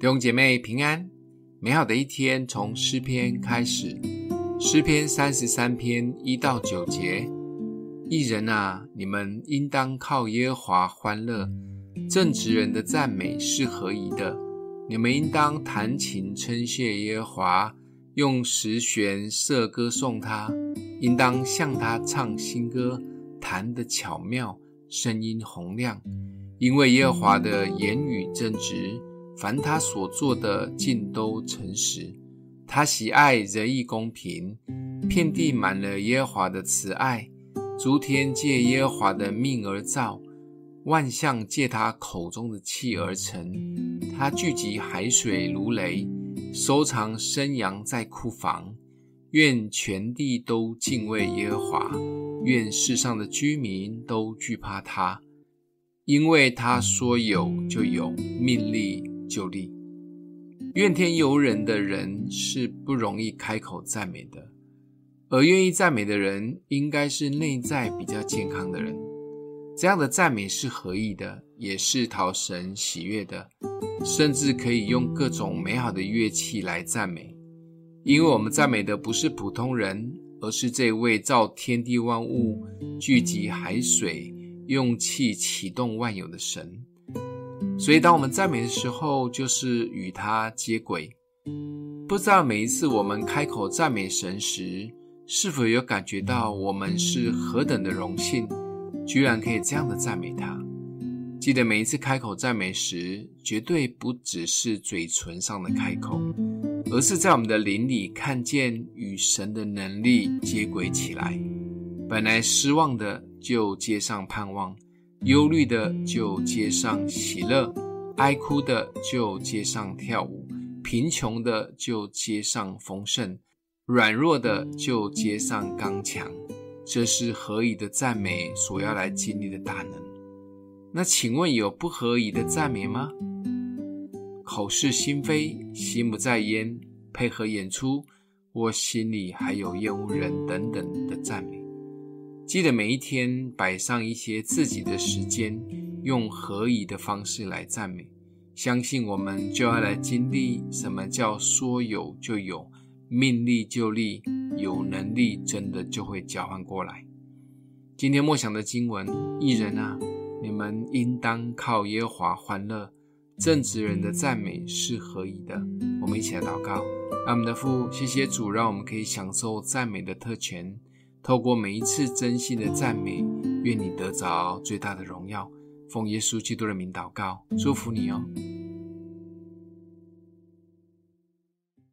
弟兄姐妹平安，美好的一天從詩篇開始。詩篇三十三篇一到九節：義人哪，你們應當靠耶和華歡樂；正直人的讚美是合宜的。你們應當彈琴稱謝耶和華，用十弦瑟歌頌他；應當向他唱新歌，彈得巧妙，聲音洪亮，因為耶和華的言語正直。凡他所做的，盡都誠實。他喜愛仁義公平，遍地滿了耶和華的慈愛。諸天借耶和華的命而造，萬象借他口中的氣而成。他聚集海水如壘，收藏深洋在庫房。願全地都敬畏耶和華，願世上的居民都懼怕他，因為他說有就有，命立，就立。怨天尤人的人是不容易開口讚美的，而願意讚美的人，應該是內在比較健康的人。這樣的讚美是合宜的，也是討神喜悅的，甚至可以用各種美好的樂器來讚美，因為我們讚美的不是普通人，而是這位造天地萬物、聚集海水、用氣啟動萬有的神。所以，當我們讚美的時候，就是與他接軌。不知道每一次我們開口讚美神時，是否有感覺到我們是何等的榮幸，居然可以這樣的讚美他。記得每一次開口讚美時，絕對不只是嘴唇上的開口，而是在我們的靈裡看見與神的能力接軌起來。本來失望的，就接上盼望。憂慮的就接上喜樂，哀哭的就接上跳舞，貧窮的就接上豐盛，軟弱的就接上剛強。這是合宜的讚美所要來經歷的大能。那請問有不合宜的讚美嗎？口是心非，心不在焉，配合演出，我心裡還有厭惡人等等的讚美。記得每一天擺上一些自己的時間，用合宜的方式來讚美，相信我們就要來經歷什麼叫說有就有，命立就立，有能力真的就會交換過來。今天默想的經文，義人哪，你們應當靠耶和華歡樂。正直人的讚美是合宜的。我們一起來禱告。愛我們的父，謝謝主，讓我們可以享受讚美的特權。透過每一次真心的讚美，願你得着最大的榮耀。奉耶穌基督的名禱告，祝福你哦。